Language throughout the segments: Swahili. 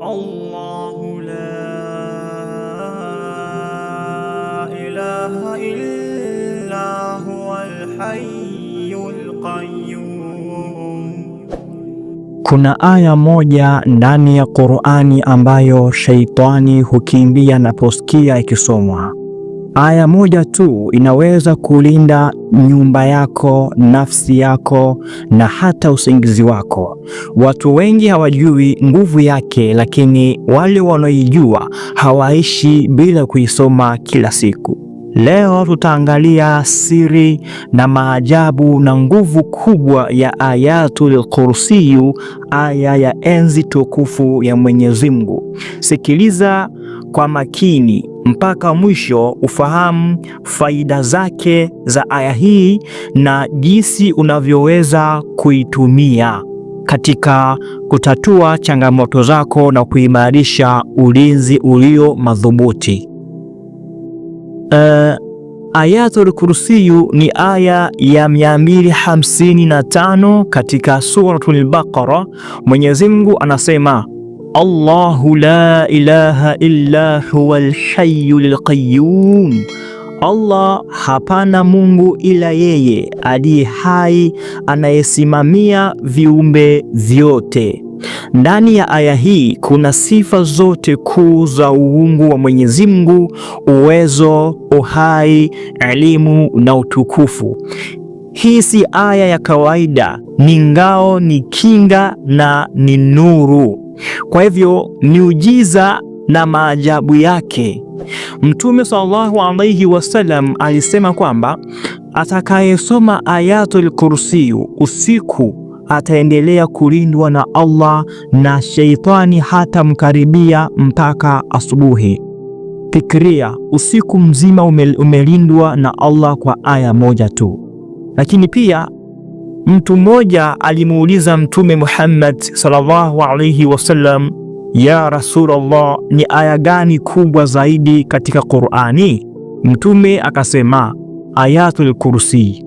Allahu la ilaha illa huwa al-hayyul qayyum. Kuna aya moja ndani ya Qur'ani ambayo sheitani hukimbia anaposikia ikisomwa Aya moja tu inaweza kulinda nyumba yako, nafsi yako na hata usingizi wako. Watu wengi hawajui nguvu yake, lakini wale wanaoijua hawaishi bila kuisoma kila siku. Leo tutaangalia siri na maajabu na nguvu kubwa ya Ayatul Kursiyu, aya ya enzi tukufu ya Mwenyezi Mungu. Sikiliza kwa makini mpaka mwisho ufahamu faida zake za aya hii na jinsi unavyoweza kuitumia katika kutatua changamoto zako na kuimarisha ulinzi ulio madhubuti. Uh, Ayatul Kursiyu ni aya ya 255 katika Suratul Baqara. Mwenyezi Mungu anasema Allahu la ilaha illa huwal hayyul qayyum, Allah, hapana Mungu ila yeye aliye hai anayesimamia viumbe vyote. Ndani ya aya hii kuna sifa zote kuu za uungu wa Mwenyezi Mungu: uwezo, uhai, elimu na utukufu. Hii si aya ya kawaida, ni ngao, ni kinga na ni nuru. Kwa hivyo miujiza na maajabu yake, Mtume sallallahu alayhi wasallam alisema kwamba atakayesoma Ayatul Kursiyu usiku ataendelea kulindwa na Allah na sheitani hatamkaribia mpaka asubuhi. Fikiria, usiku mzima umelindwa na Allah kwa aya moja tu. Lakini pia Mtu mmoja alimuuliza Mtume Muhammad sallallahu alayhi wasallam, ya Rasulullah, ni aya gani kubwa zaidi katika Qur'ani? Mtume akasema Ayatul Kursi.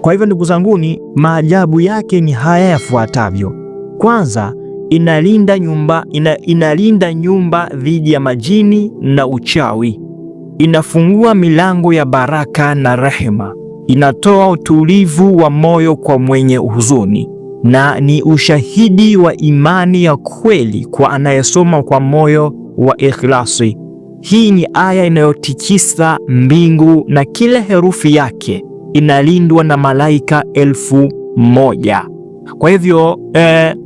Kwa hivyo ndugu zanguni, maajabu yake ni haya yafuatavyo. Kwanza, inalinda nyumba, ina, inalinda nyumba dhidi ya majini na uchawi, inafungua milango ya baraka na rehema inatoa utulivu wa moyo kwa mwenye huzuni na ni ushahidi wa imani ya kweli kwa anayesoma kwa moyo wa ikhlasi. Hii ni aya inayotikisa mbingu na kila herufi yake inalindwa na malaika elfu moja. Kwa hivyo eh,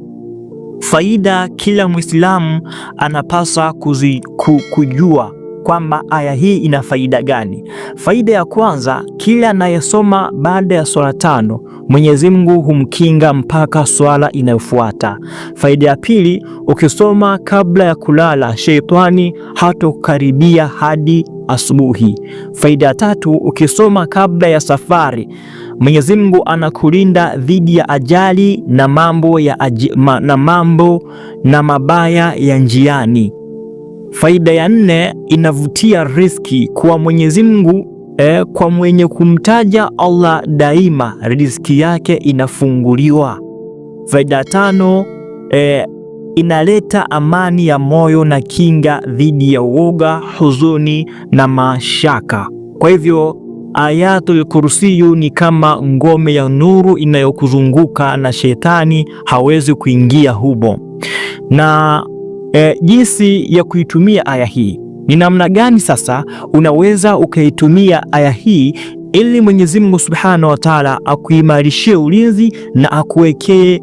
faida kila Mwislamu anapasa kuzi, ku, kujua kwamba aya hii ina faida gani. Faida ya kwanza, kila anayesoma baada ya swala tano Mwenyezi Mungu humkinga mpaka swala inayofuata. Faida ya pili, ukisoma kabla ya kulala, sheitani hatokaribia hadi asubuhi. Faida ya tatu, ukisoma kabla ya safari, Mwenyezi Mungu anakulinda dhidi ya ajali na mambo ya aj ma na mambo na mabaya ya njiani. Faida ya nne inavutia riski kwa Mwenyezi Mungu. E, kwa mwenye kumtaja Allah daima riski yake inafunguliwa. Faida tano, e, inaleta amani ya moyo na kinga dhidi ya uoga, huzuni na mashaka. Kwa hivyo Ayatul Kursiyu ni kama ngome ya nuru inayokuzunguka na shetani hawezi kuingia humo na e, jinsi ya kuitumia aya hii ni namna gani? Sasa unaweza ukaitumia aya hii ili Mwenyezi Mungu Subhanahu wa Ta'ala akuimarishie ulinzi na akuwekee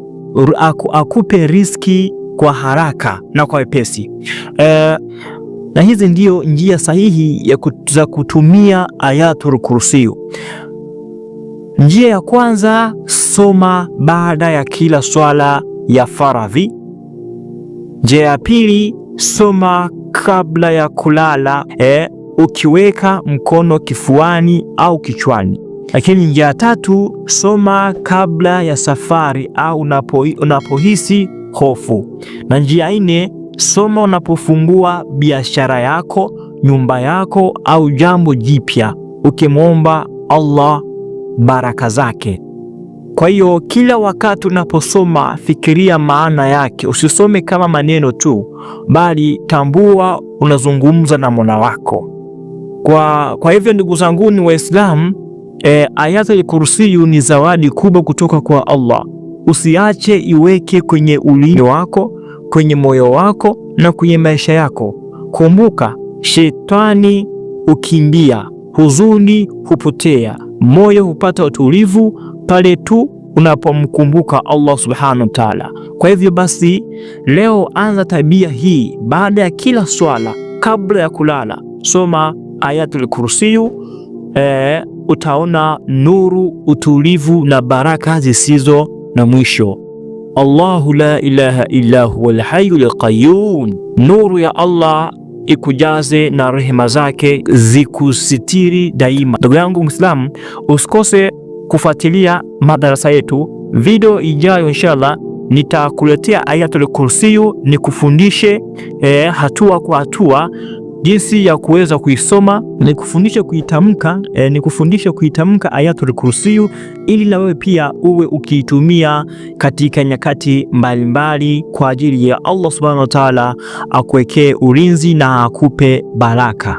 aku, akupe riski kwa haraka na kwa wepesi e, na hizi ndiyo njia sahihi ya kut, za kutumia Ayatul Kursi. Njia ya kwanza, soma baada ya kila swala ya faradhi Njia ya pili, soma kabla ya kulala eh, ukiweka mkono kifuani au kichwani. Lakini njia ya tatu, soma kabla ya safari au unapo, unapohisi hofu. Na njia nne, soma unapofungua biashara yako, nyumba yako au jambo jipya, ukimwomba Allah baraka zake. Kwa hiyo kila wakati unaposoma, fikiria maana yake, usisome kama maneno tu, bali tambua unazungumza na Mola wako. Kwa, kwa hivyo ndugu zangu ni Waislamu e, eh, Ayatul Kursi ni zawadi kubwa kutoka kwa Allah. Usiache iweke kwenye ulimi wako, kwenye moyo wako na kwenye maisha yako. Kumbuka, shetani hukimbia, huzuni hupotea, moyo hupata utulivu pale tu unapomkumbuka Allah subhanahu wa taala. Kwa hivyo basi, leo anza tabia hii. Baada ya kila swala, kabla ya kulala, soma Ayatul Kursiyu. E, eh, utaona nuru, utulivu na baraka zisizo na mwisho. Allahu la ilaha illa huwa alhayyul qayyum. Nuru ya Allah ikujaze na rehema zake zikusitiri daima. Ndugu yangu Muislamu, usikose kufuatilia madarasa yetu. Video ijayo inshallah nitakuletea Ayatul Kursiyu kufundishe eh, hatua kwa hatua jinsi ya kuweza kuisoma, nikufundishe kuitamka eh, nikufundishe kuitamka Ayatul Kursiyu ili na wewe pia uwe ukiitumia katika nyakati mbalimbali kwa ajili ya Allah Subhanahu wa Ta'ala akuwekee ulinzi na akupe baraka.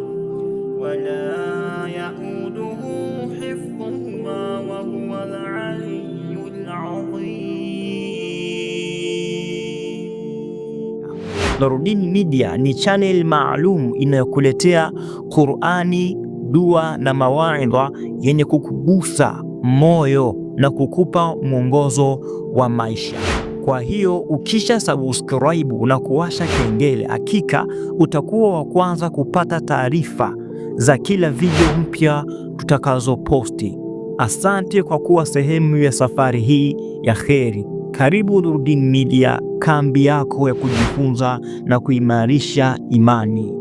ولا يؤوده حفظهما وهو العلي العظيم. Nurdin Media ni channel maalum inayokuletea Qur'ani, dua na mawaidha yenye kukugusa moyo na kukupa mwongozo wa maisha. Kwa hiyo ukisha subscribe na kuwasha kengele, hakika utakuwa wa kwanza kupata taarifa za kila video mpya tutakazoposti. Asante kwa kuwa sehemu ya safari hii ya kheri. Karibu Nurdin Media, kambi yako ya kujifunza na kuimarisha imani.